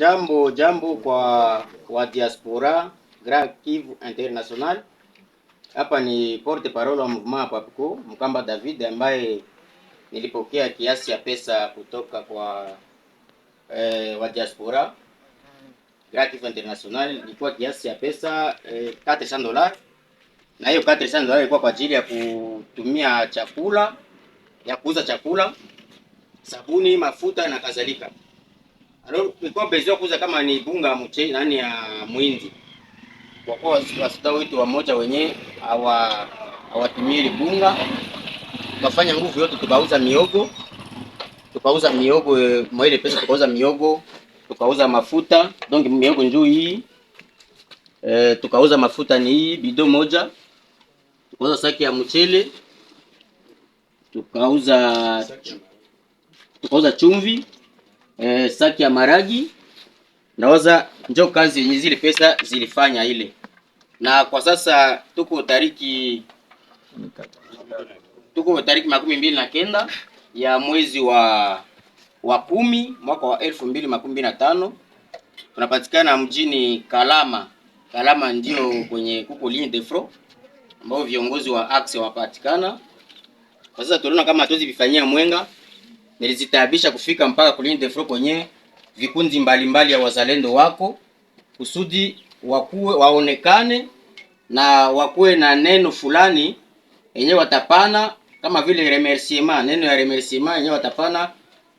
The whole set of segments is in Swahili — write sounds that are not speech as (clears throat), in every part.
Jambo jambo kwa wa diaspora Grand Kivu International. Hapa ni porte parole wa mouvement Apapuko Mkamba David, ambaye nilipokea kiasi ya pesa kutoka kwa eh, wa diaspora Grand Kivu International, ilikuwa kiasi ya pesa eh, 400 dollars, na hiyo 400 dollars ilikuwa kwa ajili ya kutumia chakula ya kuuza chakula, sabuni, mafuta na kadhalika. Alo bezio kuza kama ni bunga mche nani ya mwindi. Kwa kuwa wasida wetu wa moja wenye awa hawatumii bunga. Tukafanya nguvu yote tukauza miogo. Tukauza miogo eh, mwele pesa tukauza miogo, tukauza mafuta, donc miogo njoo hii. E, tukauza mafuta ni hii bido moja. Tukauza saki ya mchele. Tukauza tukauza chumvi eh, saki ya maragi naoza njo kazi yenye zile pesa zilifanya ile. Na kwa sasa tuko tariki tuko tariki makumi mbili na kenda ya mwezi wa wa kumi mwaka wa elfu mbili makumi mbili na tano tunapatikana mjini Kalama. Kalama ndio kwenye kuko ligne de front ambao viongozi wa axe wapatikana. Kwa sasa tuliona kama hatuwezi vifanyia mwenga nilizitabisha kufika mpaka kulini defro kwenye vikundi mbalimbali ya wazalendo wako kusudi wakuwe waonekane na wakuwe na neno fulani yenyewe watapana kama vile remerciema neno ya remerciema yenyewe watapana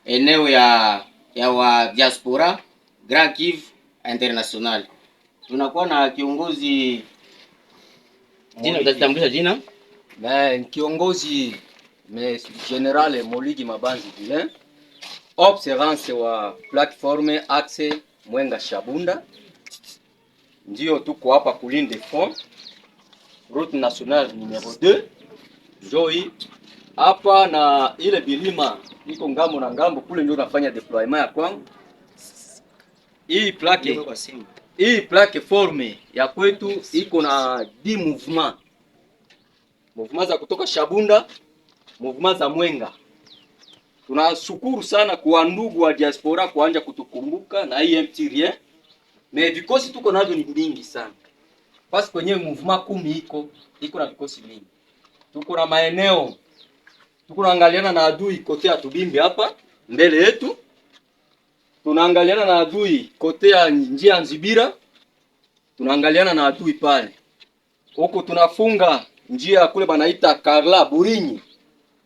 eneo ya ya wa diaspora Grand kiv International. Tunakuwa na kiongozi jina, utatambulisha jina na eh, kiongozi mais General Moligi Mabanzi Vilain, observance wa plateforme axe Mwenga Shabunda, ndio tuko hapa de fond route nationale numero 2 njoi hapa na ile bilima iko ngambo na ngambo kule, ndio nafanya deployment ya kwangu. Hii plaque hii plaque forme ya kwetu iko na di mouvement mouvement za kutoka Shabunda movement za Mwenga. Tunashukuru sana kwa ndugu wa diaspora kuanja kutukumbuka na EMT rien. mais vikosi tuko navyo ni mingi sana basi, kwenye movement kumi iko iko na vikosi mingi, tuko na maeneo tuko naangaliana na adui kote ya Tubimbi hapa mbele yetu, tunaangaliana na adui kote ya njia Nzibira, tunaangaliana na adui pale huko, tunafunga njia kule banaita Karla Burinyi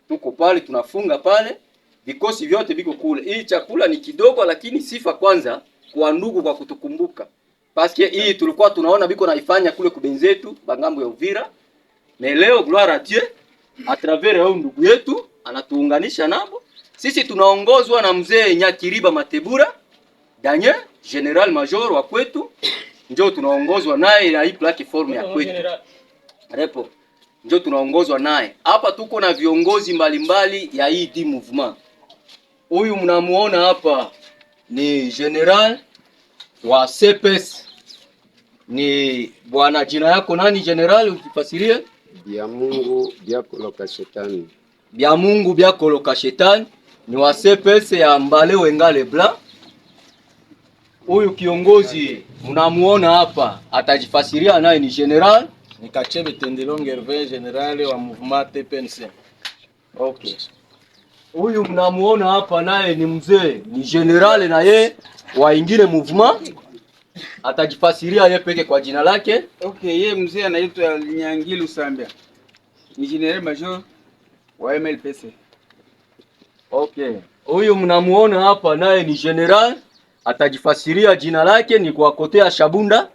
tuko pale tunafunga pale, vikosi vyote viko kule. Hii chakula ni kidogo, lakini sifa kwanza kwa ndugu kwa kutukumbuka, paske hii tulikuwa tunaona biko naifanya kule kubenzetu bangambo ya Uvira, na leo gloire a Dieu a travers au ndugu yetu anatuunganisha nabo. Sisi tunaongozwa na mzee Nyakiriba Matebura Daniel, general major wa kwetu, ndio tunaongozwa naye na hii platform ya kwetu repo ndio tunaongozwa naye hapa. Tuko na viongozi mbalimbali mbali ya hii movement. Huyu mnamuona hapa ni general wa CPS, ni bwana. Jina yako nani general? Ukifasirie bya Mungu byakoloka shetani, bya Mungu byakoloka shetani ni wa CPS ya Mbale Wengale bla. Huyu kiongozi mnamuona hapa, atajifasiria naye ni general ni Kache Bitendelo Gervais, wa Mouvement TPNC. Okay. Huyu mnamuona hapa naye ni mzee, ni general na ye ingine Mouvement atajifasiria ye peke kwa jina lake. Okay, ye mzee anaitwa Nyangilu Sambia. Ni general major wa MLPC. Okay. Huyu mnamuona hapa naye ni general atajifasiria jina lake ni kwa kotea Shabunda.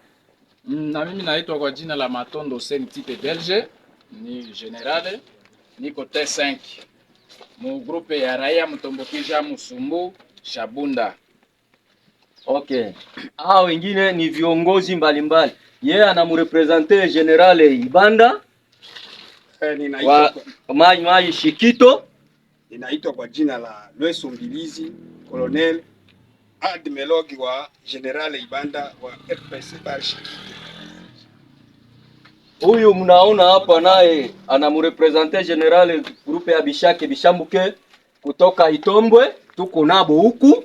Mm, na mimi naitwa kwa jina la Matondo Sen Tipe Belge, ni generale, niko T5 mu grupe ya raia Mtombokija Musumbu Shabunda. Okay, hao wengine ni viongozi mbalimbali, yeye anamrepresente generale Ibanda eh, wa Mayi Mayi Shikito. Ninaitwa kwa jina la Lweso Mbilizi Colonel Admiral wa General Ibanda wa FPS huyu mnaona hapa naye anamrepresente General grupe ya Bishake Bishambuke kutoka Itombwe. Tuko nabo huku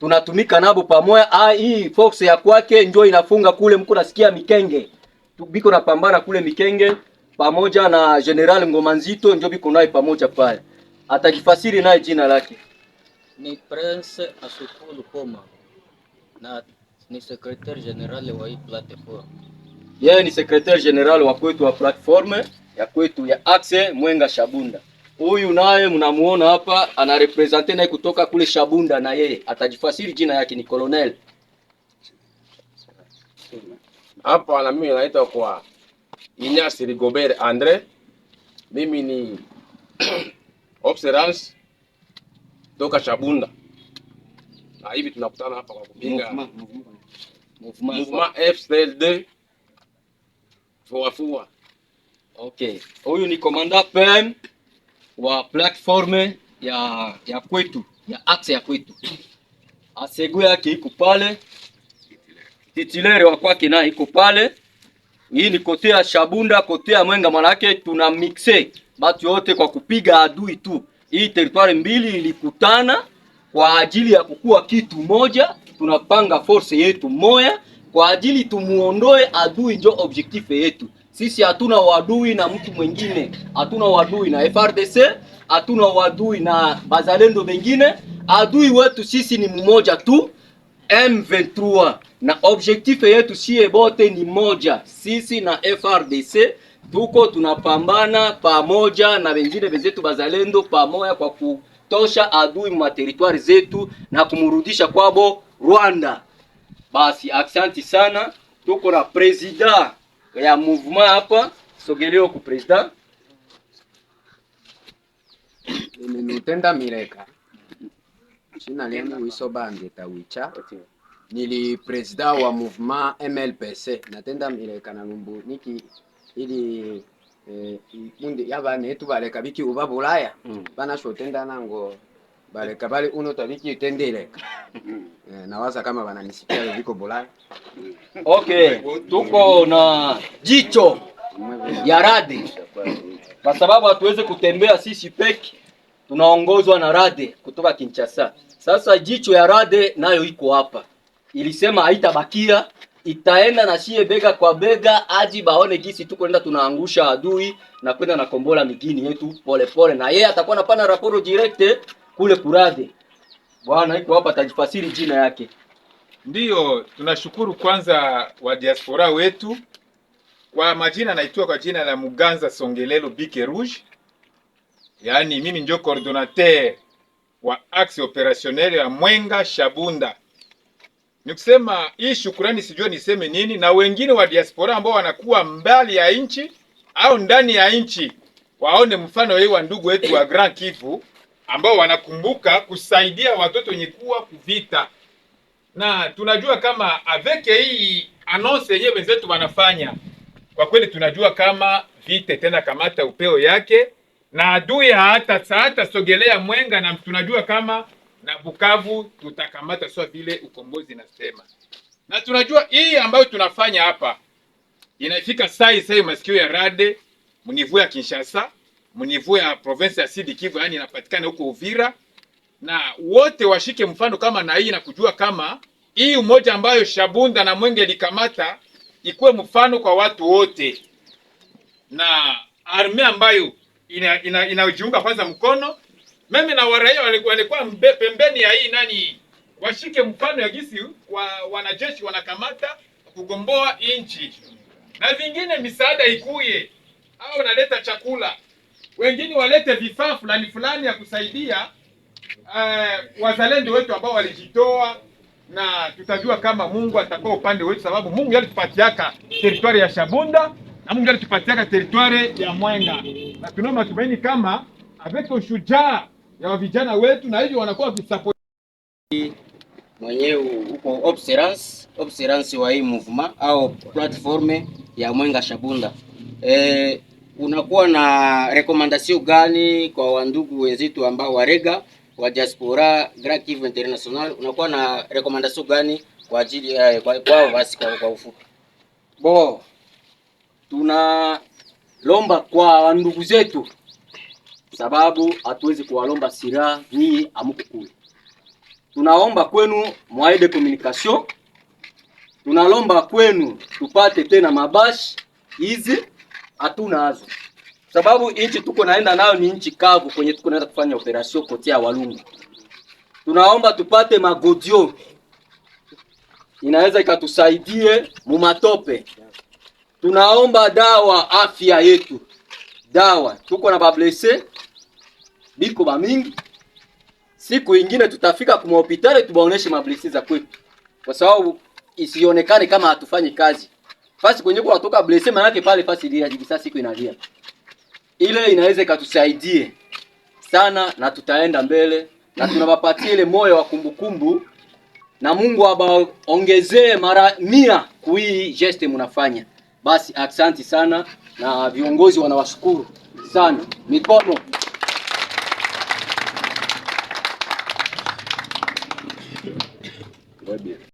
tunatumika nabo pamoja. Ah, hii ya kwake njoo inafunga kule, mko nasikia Mikenge biko napambana kule Mikenge pamoja na General Ngoma Nzito, ndio biko naye pamoja pale, atakifasiri naye jina lake ni prince Asukulu Koma na ni secretaire general wa hii platform. Yeye ni secretaire general wa kwetu wa platform ya kwetu ya Axe Mwenga Shabunda. Huyu naye mnamuona hapa anarepresente naye kutoka kule Shabunda, na yeye atajifasiri jina yake ni Colonel. Hapa na mimi naitwa kwa Ignace Rigobert Andre, mimi ni (clears throat) observance toka Shabunda na hivi tunakutana hapa kwa kupinga Mouvement FCLD fuafua. Okay, huyu ni komanda PM wa platform ya ya kwetu ya axe ya kwetu asegu yake iko pale, titulaire wa kwake na iko pale. Hii ni kote ya Shabunda, kote ya Mwenga, manake tuna mixe batu yote kwa kupiga adui tu hii teritwari mbili ilikutana kwa ajili ya kukuwa kitu moja. Tunapanga force yetu moya kwa ajili tumuondoe adui, njo objective yetu sisi. Hatuna wadui na mtu mwingine, hatuna wadui na FRDC, hatuna wadui na bazalendo mengine. Adui wetu sisi ni mmoja tu M23, na objective yetu sie bote ni moja, sisi na FRDC tuko tunapambana pamoja na wengine wenzetu bazalendo pamoja kwa kutosha adui materitwari zetu na kumurudisha kwabo Rwanda. Basi aksanti sana, tuko na presida ya movement hapa, sogeleo ku presida imenutenda mireka china lenu wiso bange tawicha nili presida wa movement MLPC natenda mireka na lumbu niki ili e, mundi yabane tubaleka biki uba bulaya mm. banashotenda nango baleka bali uno tabiki tendeleka mm. e, eh, nawasa kama nisikia biko bulaya okay tuko na jicho ya radi kwa sababu hatuweze kutembea sisi peki tunaongozwa na rade kutoka Kinshasa. Sasa jicho ya rade nayo iko hapa, ilisema haitabakia itaenda na shie bega kwa bega aji baone gisi tuko nenda tunaangusha adui na kwenda na kombola migini yetu polepole, na yeye atakuwa napana raporo direct kule kurade. Bwana iko hapa, tajifasiri jina yake. Ndiyo, tunashukuru kwanza wa diaspora wetu kwa majina, naitwa kwa jina la Muganza Songelelo Bike Rouge, yaani mimi ndio coordinateur wa axe operationnel ya Mwenga Shabunda ni kusema hii shukurani, sijue niseme nini, na wengine wa diaspora ambao wanakuwa mbali ya nchi au ndani ya nchi waone mfano hii wa ndugu wetu wa Grand Kivu ambao wanakumbuka kusaidia watoto wenye kuwa kuvita, na tunajua kama aveke hii anonse yenyewe wenzetu wanafanya kwa kweli, tunajua kama vita tena kamata upeo yake na adui hata hata sogelea mwenga, na tunajua kama na Bukavu tutakamata sawa vile ukombozi nasema, na tunajua hii ambayo tunafanya hapa inafika sai sai masikio ya rade mnivu ya Kinshasa, mnivu ya province ya Sud Kivu, yani inapatikana huko Uvira, na wote washike mfano kama na hii na kujua kama hii umoja ambayo Shabunda na Mwenge likamata ikuwe mfano kwa watu wote, na armee ambayo inajiunga ina, ina kwanza mkono mimi na waraia walikuwa pembeni ya hii nani, washike mfano ya gisi wa wanajeshi wanakamata kugomboa inchi na vingine, misaada ikuye au wanaleta chakula, wengine walete vifaa fulani fulani ya kusaidia uh, wazalendo wetu ambao walijitoa, na tutajua kama Mungu atakuwa upande wetu, sababu Mungu alitupatiaka teritwari ya Shabunda na Mungu alitupatiaka teritwari ya Mwenga, na tuna matumaini kama avec ushujaa ya vijana wetu, na hivyo wanakuwa support mwenyewe huko observance observance wa hii movement au platform ya Mwenga Shabunda. E, unakuwa na recommendation gani kwa wandugu wenzetu ambao warega wa diaspora Grand Kivu International? Unakuwa na recommendation gani kwa ajili ya kwa kwa, Basi kwa, kwa ufupi bo tuna lomba kwa wandugu zetu sababu hatuwezi kuwalomba silaha, nyinyi amko kule. Tunaomba kwenu mwaide communication, tunalomba kwenu tupate tena mabashi hizi, hatunazo sababu nchi tuko naenda nayo ni nchi kavu, kwenye tuko naenda kufanya operation kotea Walungu. Tunaomba tupate magodio, inaweza ikatusaidie mumatope. Tunaomba dawa afya yetu, dawa tuko na bablese biko ba mingi. Siku ingine tutafika kwa hospitali tubaoneshe mablisi za kwetu, kwa sababu isionekane kama hatufanyi kazi. Fasi kwenye kwa kutoka blisi manake pale fasi ile hivi sasa siku inalia. Ile inaweza ikatusaidie sana na tutaenda mbele na tunawapatia ile moyo wa kumbukumbu na Mungu abaongezee mara mia kui geste mnafanya. Basi, aksanti sana na viongozi wanawashukuru sana mikono Vai, Bira.